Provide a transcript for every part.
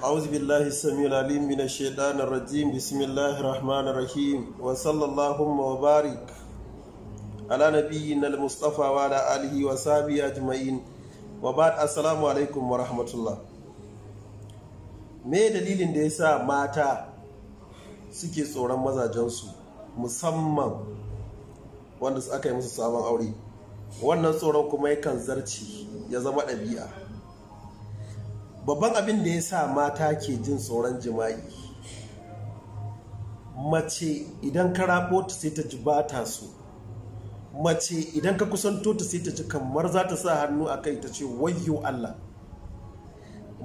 أعوذ بالله السميع العليم من الشيطان الرجيم بسم الله الرحمن الرحيم وصلى اللهم وبارك على نبينا المصطفى وعلى آله وصحبه أجمعين وبعد السلام عليكم ورحمة الله me dalilin da ya sa mata suke tsoron mazajensu musamman wanda aka yi musu sabon aure wannan tsoron kuma yakan zarci ya zama ɗabi'a babban abin da ya sa mata ke jin tsoron jima'i mace idan ka rabo ta sai ta ji ba ta so mace idan ka kusanto ta sai ta ji kamar za ta sa hannu a kai ta ce wayo Allah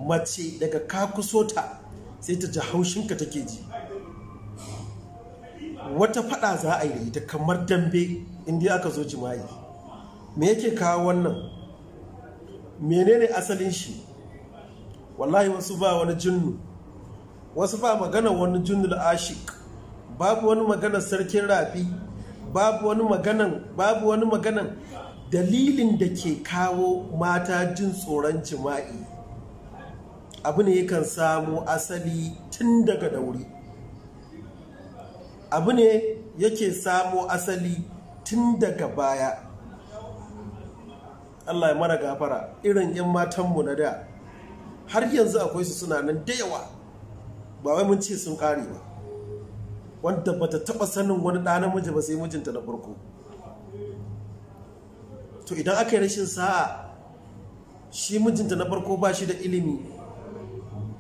mace daga ka kuso ta sai ta ji haushinka take ji wata fada za a yi da ita kamar dambe inda aka zo jima'i me yake kawo wannan menene asalin shi wallahi wasu ba wani jinnu wasu ba magana wani junnul ashik babu wani magana sarkin rafi babu wani maganan babu wani maganan dalilin da ke kawo mata jin tsoron jima'i abu ne yakan samu asali tun daga daure. abu ne yake samo asali tun daga baya Allah ya mara gafara irin 'yan matanmu na da har yanzu akwai su suna nan da yawa ba wai mun ce sun kare ba wanda bata taba sanin wani ɗa namiji ba sai mijinta na farko to idan aka yi rashin sa'a shi mijinta na farko ba shi da ilimi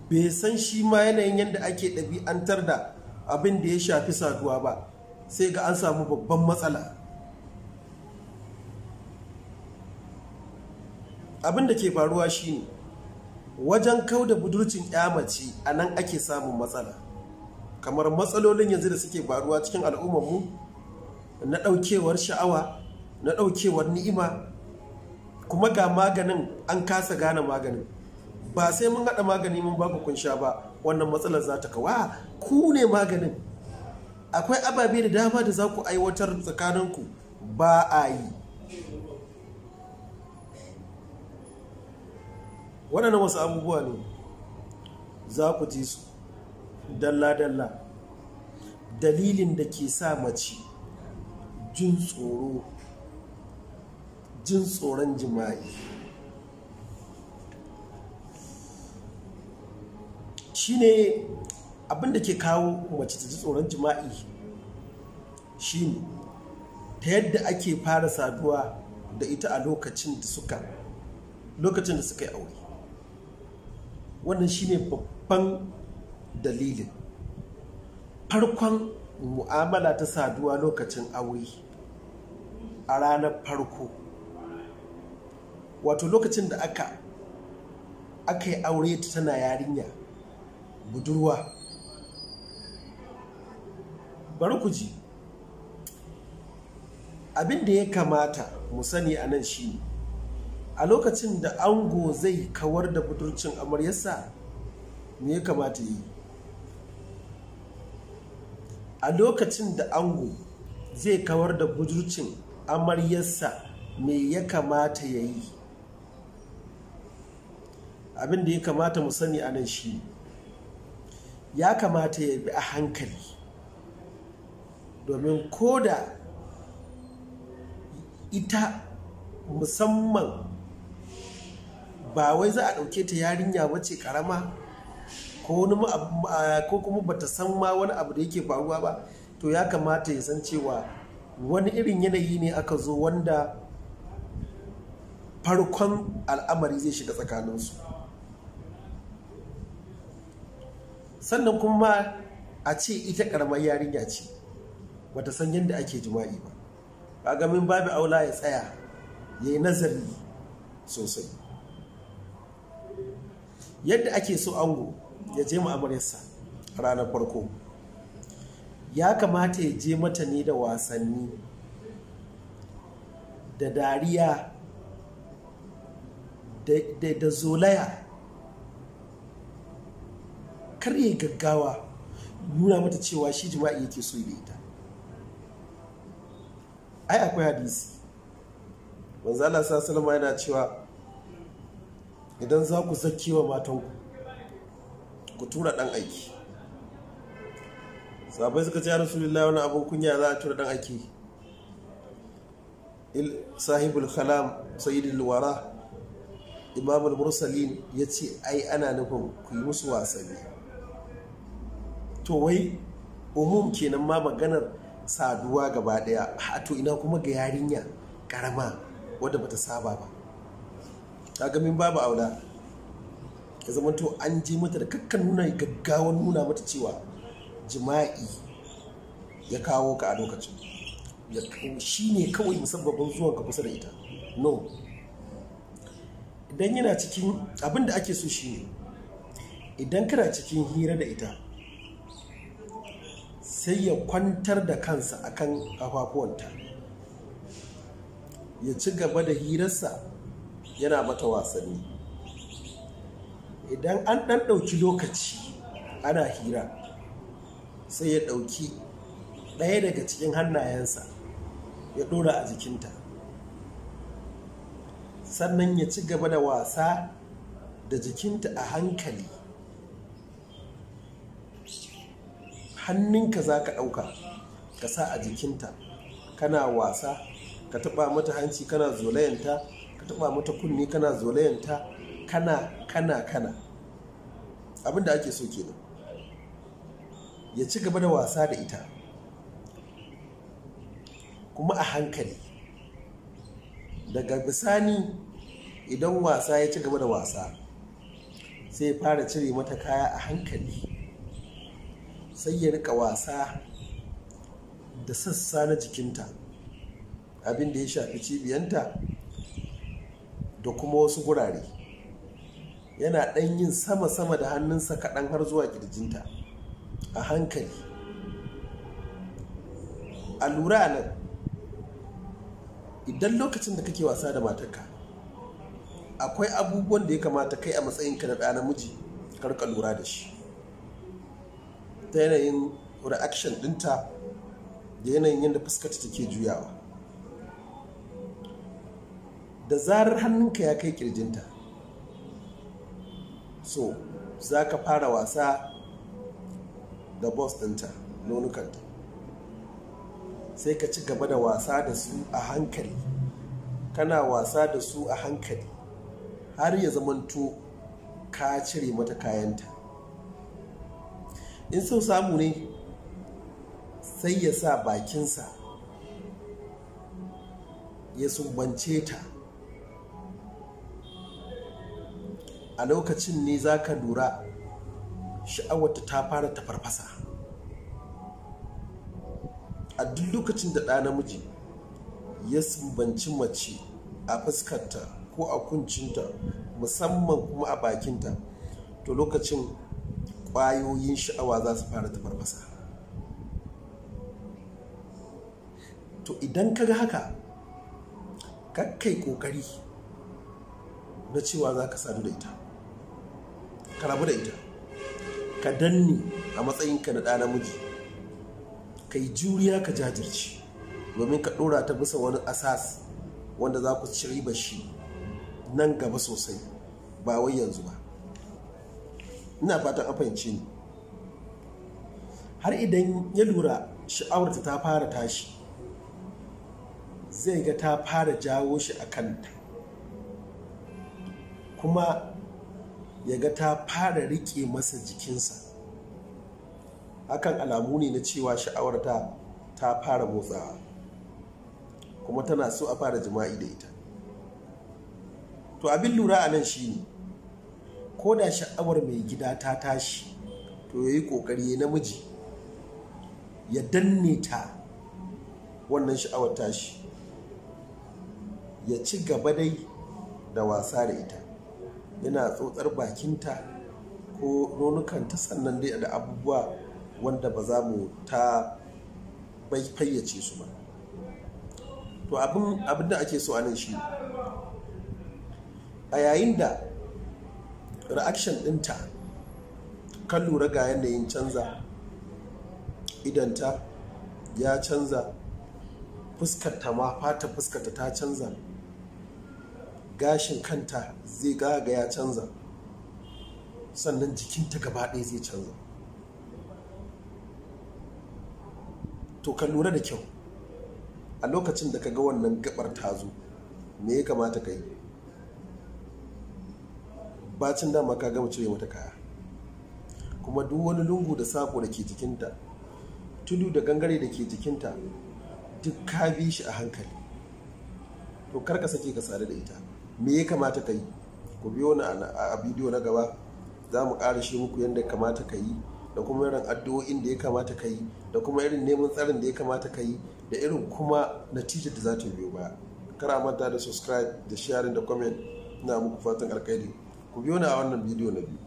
bai san shi ma yanayin yadda ake ɗabi'antar da abin da ya shafi saduwa ba sai ga an samu babban matsala abin da ke faruwa shine wajen kau da budurcin mace a nan ake samun matsala kamar matsalolin yanzu da suke faruwa cikin al'ummarmu na ɗaukewar sha'awa na ɗaukewar ni'ima kuma ga maganin an kasa gane maganin ba sai mun haɗa magani mun ba kun sha ba wannan matsalar za ta kawa ku ne maganin akwai ababe da dama da za ku aiwatar tsakaninku ba a yi waɗannan wasu abubuwa ne za ku ji su dalla-dalla dalilin da ke sa mace jin tsoro jin tsoron jima'i shi abin da ke kawo mace ta ji tsoron jima'i Shi ne, ta yadda ake fara saduwa da ita a lokacin da suka yi aure wannan shine babban dalilin farkon mu'amala ta saduwa lokacin aure a ranar farko wato lokacin da aka aka yi aure ta tana yarinya budurwa bari ku ji abin da ya kamata mu sani a nan shi a lokacin da ango zai kawar da budurcin amaryarsa me ya kamata yi a lokacin da ango zai kawar da budurcin amaryarsa me ya kamata ya yi abin da ya kamata mu sani a nan shi ya kamata ya bi a hankali domin ko da ita musamman ba wai za a ɗauke ta yarinya wace karama ko ko kuma bata san ma wani abu da yake faruwa ba to ya kamata ya san cewa wani irin yanayi ne aka zo wanda farkon al'amari zai shiga tsakaninsu sannan kuma a ce ita karamar yarinya ce bata san yadda ake jima'i ba ba gamin babu aula ya tsaya ya yi nazari sosai yadda ake so ango ya je mu'amalarsa ranar farko ya kamata ya je mata ne da wasanni da dariya da zolaya kar yi gaggawa nuna mata cewa shi jima'i yake so da ita ai akwai hadisi manzo Allah sallallahu yana cewa idan za ku saki wa matanku ku tura ɗan aiki sabai suka ce ya rasulullah wani abin kunya za a tura ɗan aiki sahibul kalam sayyidul wara imamul mursalin ya ce ai ana nufin ku yi musu wasanni to wai umum kenan ma maganar saduwa gaba daya to ina kuma ga yarinya karama wadda bata saba ba kaga min babu aula ya zama to an je mata da kakkan nuna gaggawan nuna mata cewa jima'i ya kawo ka a lokacin shi ne kawai musabbabin zuwan ka kusa da ita no idan yana cikin abin da ake so shi ne idan kana cikin hira da ita sai ya kwantar da kansa akan kan ya ci gaba da hirarsa yana mata wasanni idan an ɗan ɗauki lokaci ana hira sai ya ɗauki ɗaya daga cikin hannayensa ya ɗora a jikinta sannan ya ci gaba da wasa da jikinta a hankali hannunka za ka ɗauka ka sa a jikinta kana wasa ka taɓa mata hanci kana zolayanta ka taba mata kunni kana zolayanta kana kana kana abinda da ake so kenan ya ci gaba da wasa da ita kuma a hankali daga bisani idan wasa ya ci gaba da wasa sai ya fara cire mata kaya a hankali sai ya rika wasa da sassa na jikinta abin da ya shafi cibiyanta da kuma wasu gurare yana ɗan yin sama-sama da hannunsa kaɗan har zuwa ƙirjinta a hankali a lura a nan idan lokacin da kake wasa da matarka akwai abubuwan da ya kamata kai a matsayinka na namiji karka lura da shi ta yanayin reaction dinta da yanayin yadda fuskarta take juyawa da zarar hannunka ya kai kirjinta so za ka fara wasa da bus dinta nonukanta sai ka ci gaba da wasa da su a hankali kana wasa da su a hankali har ya zamanto ka cire mata kayanta in sau samu ne sai ya sa bakinsa ya sumbance ta a lokacin ne za ka lura sha'awarta ta fara ta farfasa a duk lokacin da ɗa namiji ya sumbanci mace a fuskarta ko a kuncinta musamman kuma a bakinta to lokacin ƙwayoyin sha'awa za su fara ta farfasa to idan ka ga haka kakkai ƙoƙari na cewa za ka sadu da ita ka rabu da ita ka danne a matsayinka na ɗa namiji ka yi juriya ka jajirce domin ka ɗora ta bisa wani asas wanda za ku ci riba shi nan gaba sosai ba wai yanzu ba ina fatan an ne har idan ya lura sha'awarta ta fara tashi zai ga ta fara jawo shi a kanta kuma ya ga ta fara riƙe masa jikinsa hakan alamu ne na cewa sha'awarta ta fara motsawa kuma tana so a fara jima'i da ita to abin lura a nan shi ne, ko da sha'awar mai gida ta tashi to ya yi ƙoƙari namiji ya danne ta wannan sha'awar tashi ya ci gaba dai da wasa da ita yana tsotsar bakinta ko nonukanta sannan dai da abubuwa wanda ba za mu ta fayyace su ba to abin da ake so a nan shi a yayin da reaction ɗinta kan lura ga yanayin canza idanta ya canza fuskata ma fata fuskata ta canza gashin kanta zai gaga ya canza sannan jikinta gaba ɗaya zai canza to ka lura da kyau a lokacin da ka ga wannan gabar tazo me ya kamata ka yi bacin dama ka gama cire mata kaya kuma duk wani lungu da sako da ke jikinta tudu da gangare da ke jikinta duk ka bi shi a hankali to kar ka sake ka sadu da ita me ya kamata ka yi ku biyo na a bidiyo na gaba za mu ƙara shi muku yadda ya kamata ka yi da kuma irin addu'o'in da ya kamata ka yi da kuma irin neman tsarin da ya kamata ka yi da irin kuma natijar da za ta biyo baya kar a manta da subscribe da sharing da comment ina muku fatan alkhairi ku biyo na a wannan bidiyo na biyu